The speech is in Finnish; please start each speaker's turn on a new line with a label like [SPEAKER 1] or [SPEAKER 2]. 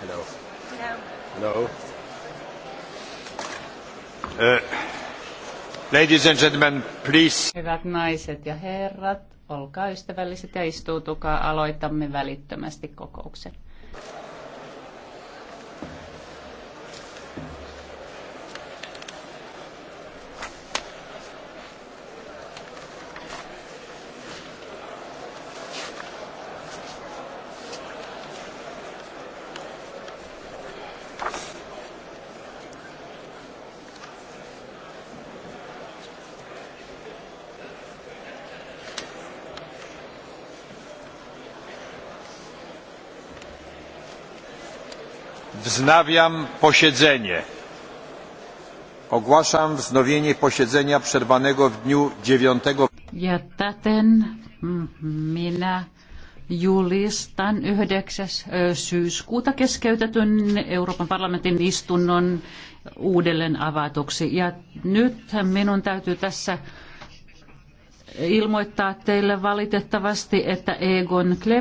[SPEAKER 1] Hello. Hello. Hello. Uh, ladies and gentlemen, please.
[SPEAKER 2] Hyvät naiset ja herrat, olkaa ystävälliset ja istuutukaa. Aloitamme välittömästi kokouksen.
[SPEAKER 3] Wznawiam posiedzenie. Ogłaszam wznowienie posiedzenia przerwanego w dniu 9.
[SPEAKER 4] Ja täten mm, minä julistan 9. E, syyskuuta keskeytetyn Euroopan parlamentin istunnon uudelleen avatuksi. Ja nyt minun täytyy tässä ilmoittaa teille valitettavasti, että Egon Klep